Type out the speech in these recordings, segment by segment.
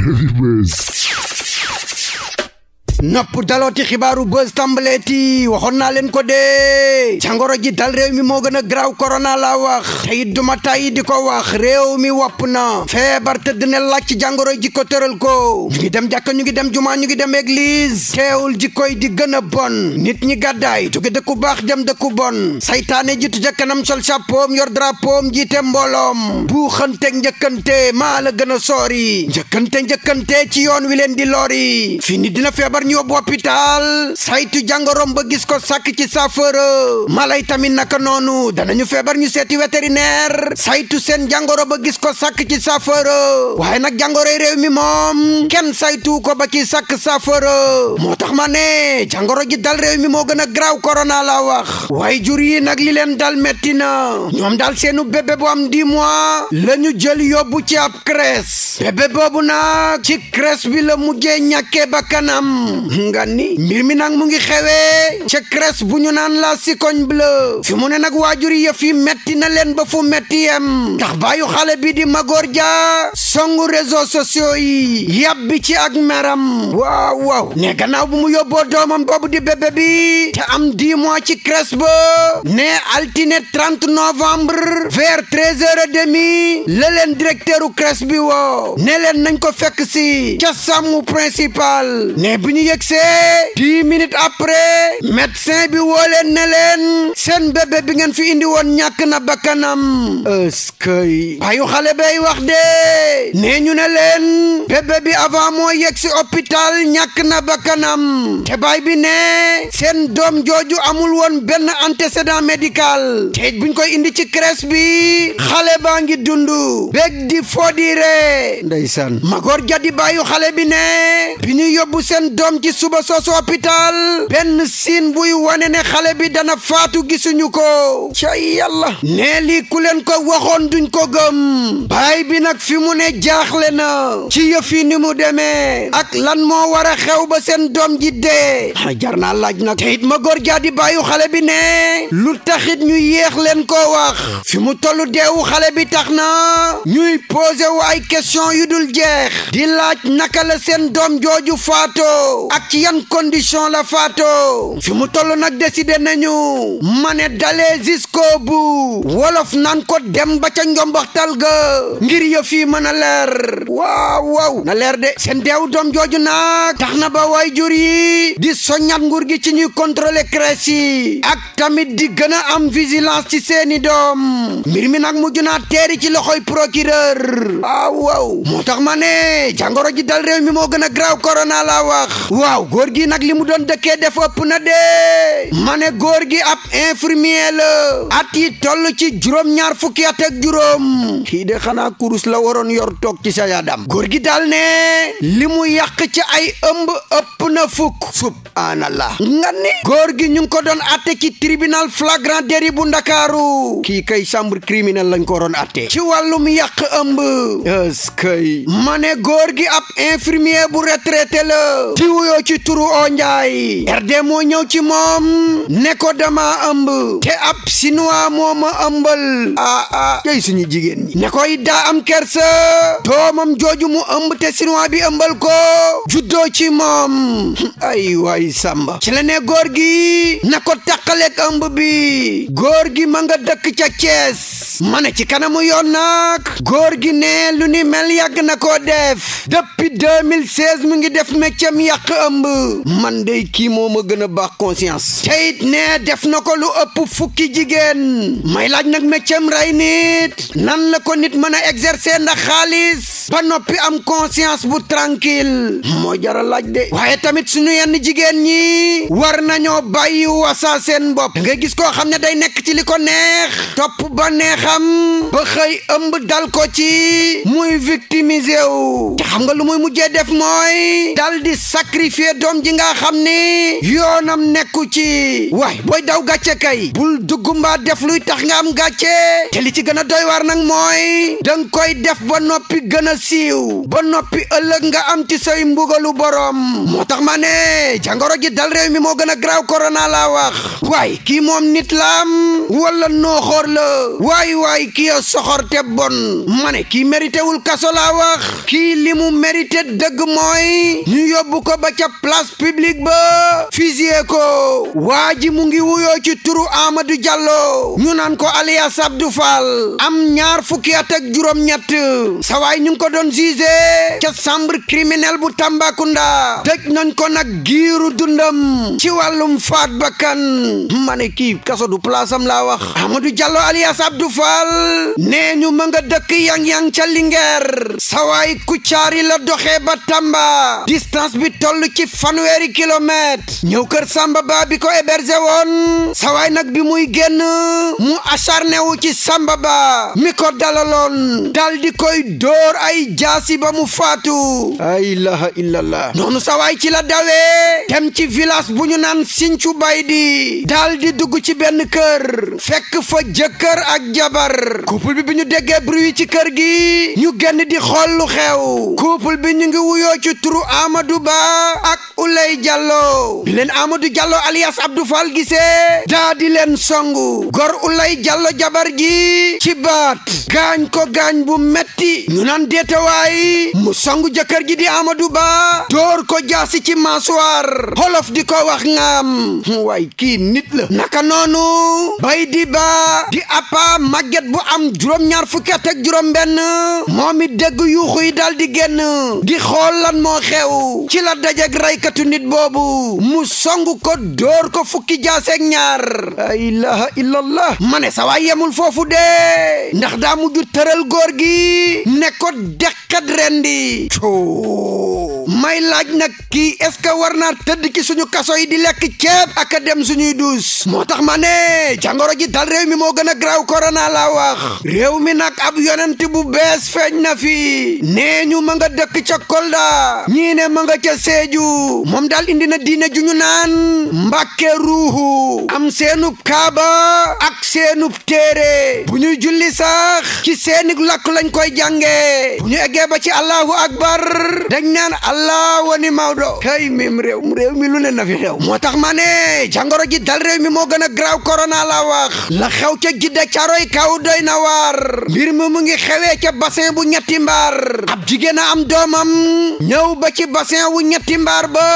Heavy Mess. nopp dalooti xibaaru buzz tàmbaleeti waxoon naa leen ko dee jàngoro ji dal réew mi moo gën a graaw korona la wax te it duma tàyyi di ko wax réew mi wopp na feebar tëdd ne laaj ci jàngoro ji ko tëral ko ñu ngi dem jàkka ñu ngi dem jumaa ñu ngi dem église teewul ji koy di gën a bon nit ñi gàddaay jóge dëkku baax jëm dëkku bon saytaane jitu ca kanam sol chapeau yor drapeau jiite mbooloom buuxante njëkkante maa la gën a soori njëkkante njëkkante ci yoon wi leen di lori feebar leen yóbbu hôpital saytu jàngorom ba gis ko sakk ci saafara mala yi tamit naka noonu danañu feebar ñu seeti vétérinaire saytu seen jàngoro ba gis ko sakk ci saafara waaye nag jàngoroy réew mi moom kenn saytuwu ko ba ci sàkk saafara moo tax ma ne jàngoro ji dal réew mi moo gën a graaw corona la wax waaye jur yi nag li leen dal metti na ñoom dal seenu bébé bu di dix mois la ñu jël yóbbu ci ab crèche bébé boobu ci crèche bi la mujjee ñàkkee ngan ni mbir mi nag mu ngi xewee ca crèche bu ñu naan la Sicogne Bleue fi mu ne nag waajur yëf yi metti na leen ba fu metti yem ndax baayu xale bii di Magor Dia songu réseaux sociaux yi yàbbi ci ak meram waaw waaw ne gannaaw bu mu yóbboo doomam boobu di bébé bi te am dix mois ci crèche ba ne altine 30 novembre vers treize heures et demie la leen directeur u bi woo ne leen nañ ko fekk si ca sàmm principal ne bi ñu yegsee dix minutes après médecin bi woo leen ne leen seen bébé bi ngeen fi indi woon ñàkk na bakkanam eskay bayu xale bay wax de nee ñu ne leen bébé bi avant moo yegg si hôpital ñàkk na bakkanam te bi ne seen doom jooju amul woon benn antécédent médical te buñ koy indi ci crèche bi xale baa ngi dund bég di fodire ndeysaan magoor jadi xale bi ne bi ñu yóbbu seen doom ci suba soosu hôpital benn siin buy wane ne xale bi dana faatu gisuñu ko ca yàlla nee lii ku leen ko waxoon duñ ko gëm baay bi nag fi mu ne jaaxle na ci yëf ni mu demee ak lan moo war a xew ba seen doom ji dee jar naa laaj nag te ma góor jaa di bàyyu xale bi ne lu taxit ñu yéex leen koo wax fi mu tollu deewu xale bi tax na ñuy posé wu ay question yu dul jeex di laaj naka la seen doom jooju faatoo ak ci yan condition la faatoo fi mu toll nag décidé nañu ma ne dalee jusqu'au bout wolof nan ko dem ba ca njombaxtal ga ngir yëf yi mën a leer waaw waaw na leer de seen doom jooju nag tax na ba way jur yi di soññat nguur gi ci ñuy contrôler crèche ak tamit di gën a am vigilance ci seeni doom mbir mi nag mujj naa teeri ci loxoy procureur waaw moo tax ma ne jàngoro ji dal réew mi moo gën a graaw corona laa wax waaw góor gi nag li mu doon dëkkee def ëpp na dee ma ne góor gi ab infirmier la at yi toll ci juróom-ñaar fukki at ak juróom kii de xanaa kurus la waroon yor toog ci sa yaadam góor gi daal ne li mu yàq ci ay ëmb ëpp na fukk fukk subhaanallah nga ni góor gi ñu ngi ko doon atte ci tribunal flagrant délit bu ndakaaru kii kay chambre criminel lañ ko doon ci wàllum yàq ëmb eskay ma ne góor gi ab infirmier bu retraité la di wuyoo ci turu oo njaay moo ñëw ci moom ne ko dama ëmb te ab sinuwaa moo ma ëmbal ah ah tey suñu jigéen ne koy daa am kersa doomam jooju mu ëmb te sinuwaa bi ëmbal ko juddoo ci moom ay waay Ndey Samba ci la ne góor gi na ko tàqaleeg ëmb bi góor gi ma nga dëkk ca Cees ma ne ci kanamu yoon nag góor gi ne lu ni mel yàgg na ko def depuis 2016 mi ngi def méccam yàq ëmb man dey kii moo ma gën a baax conscience teyit ne def na ko lu ëpp fukki jigéen may laaj nag méccam rey nit nan la ko nit mën a ndax xaalis ba noppi am conscience bu tranquille moo jara laaj de waaye tamit suñu yenn jigéen ñi war nañoo bàyyi wasa seen bopp nga gis koo xam ne day nekk ci li ko neex topp ba neexam ba xëy ëmb dal ko ci muy victimiser wu te xam nga lu muy mujjee def mooy dal di sacrifier doom ji nga xam ni yoonam nekku ci waay booy daw gàcce kay bul dugg mbaa def luy tax nga am gàcce te li ci gën a doy waar nag mooy danga koy def ba noppi gën a siiw ba noppi ëllëg nga am ci say mbugalu borom moo tax ma ne jàngoro ji dal réew mi moo gën a graaw korona laa wax waay kii moom nit laam wala nooxoor la waay waay kii a soxor te bon ma ne kii mérité wul kaso laa wax kii li mu mérité dëgg mooy ñu yóbbu ko ba ca place publique ba fusillé ko waa ji mu ngi wuyoo ci turu Amadou Diallo ñu naan ko alias Abdou Fall am ñaar fukki at ak juróom-ñett sawaay ko ko doon ca chambre criminelle bu Tambacounda tëj nañ ko nag giiru dundam ci wàllum faat bakkan ma kii kaso du place laa wax Amadou Diallo alias Abdou Fall nee ñu ma nga dëkk yang-yang ca Linguère sawaay Kuccaari la doxee Tamba distance bi toll ci fanweeri kilomètre ñëw kër Samba Ba bi ko hébergé woon sawaay nag bi muy génn mu acharné wu ci Samba Ba mi ko dalaloon dal koy dóor ay ay jaasi ba mu faatu la ilaha illallah noonu sawaay ci la dawee dem ci village bu ñu naan Sinthiou Baydi daal di dugg ci benn kër fekk fa jëkkër ak jabar couple bi bi ñu déggee bruit ci kër gi ñu génn di xool lu xew couple bi ñu ngi wuyoo ci turu Amadou Ba ak Oulay Diallo bi leen Amadou Diallo alias Abdou Fall gisee daa di leen songu gor Oulay Diallo jabar ji ci baat gaañ ko gaañ bu metti ñu naan yetewaay mu song jëkkër ji di Amadou Ba door ko jaasi ci masuwaar xolof di ko wax ngaam hm, waay kii nit la naka noonu bay di ba di appa màgget bu am juróom-ñaar fukki at ak juróom-benn moom it dégg yuuxu yi daal di génn di xool lan moo xew ci la dajeg raykatu nit boobu mu song ko door ko fukki jaaseeg ñaar la illallah ma ne sa waay yemul foofu de ndax daa mujj tëral góor gi ne ko dekkat rendi coo may laaj nag kii est-ce que war naa tëdd ki suñu kaso yi di lekk ceeb ak a dem suñuy duus moo tax ma ne jàngoro ji dal réew mi moo gën a graw korona laa wax réew mi nag ab yonent bu bees feeñ na fi nee ñu ma nga dëkk ca Kolda ñii ne ma nga ca Sédhiou moom daal indi na diine ju ñu naan mbàkke ruuxu am seenub kaaba ak seenub téere bu ñuy julli sax ci seenig lakk lañ koy jànge bu ñu eggee ba ci allahu akbar dañ naan yàlla wani Maodo kay mim réew réew mi lu ne na xew moo tax ma ne jàngoro ji dal réew mi moo gën a graw korona la wax la xew ca gidda caroy kaw doy na waar mbir mi mu ngi xewee ca bassin bu ñetti mbaar ab jigéen a am doomam ñëw ba ci bassin wu ñetti mbaar ba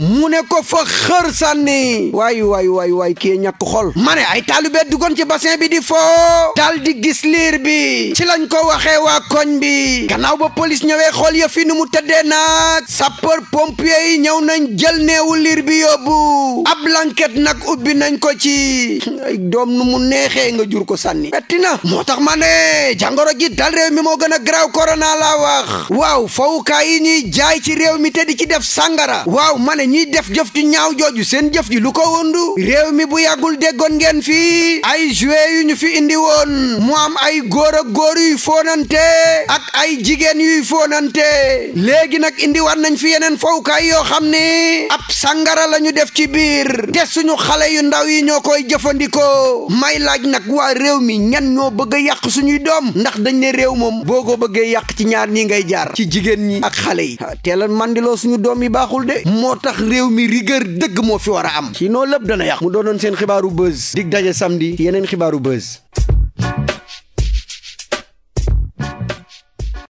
mu ne ko fa xër sànni waay waay waay waay kii ñàkk xol ma ne ay taalibe duggoon ci bassin bi di foo dal di gis liir bi ci lañ ko waxe waa koñ bi gannaaw ba police ñëwee xool ya fi nu mu tëddee nag sapeur pompier yi ñëw nañ jël neewu liir bi yóbbu ab lanket nag ubbi nañ ko ci ay doom nu mu neexee nga jur ko sànni metti moo tax ma ne jàngoro ji dal réew mi moo gën a graw korona laa wax waaw fawukaay yi ñuy jaay ci réew mi te di ci def sàngara waaw ma ne ñuy def jëf ju ñaaw jooju seen jëf ji lu ko wundu réew mi bu yàggul déggoon ngeen fii ay jouet yu ñu fi indi woon mu am ay góor ak góor yuy foonante ak ay jigéen yuy foonante léegi nag indi indiwaat nañ fi yeneen fowkaay yoo xam ne ab sàngara la ñu def ci biir te suñu xale yu ndaw yi ñoo koy jëfandikoo may laaj nag waa réew mi ñan ñoo bëgg a yàq suñuy doom ndax dañ ne réew moom boo ko bëggee yàq ci ñaar ñi ngay jaar ci jigéen ñi ak xale yi ah, teel a mandiloo suñu doom yi baaxul de moo tax réew mi rigueur dëgg moo fi war a am sinon lépp dana yàq mu doonoon seen xibaaru buzz dig sam samedi yeneen xibaaru buzz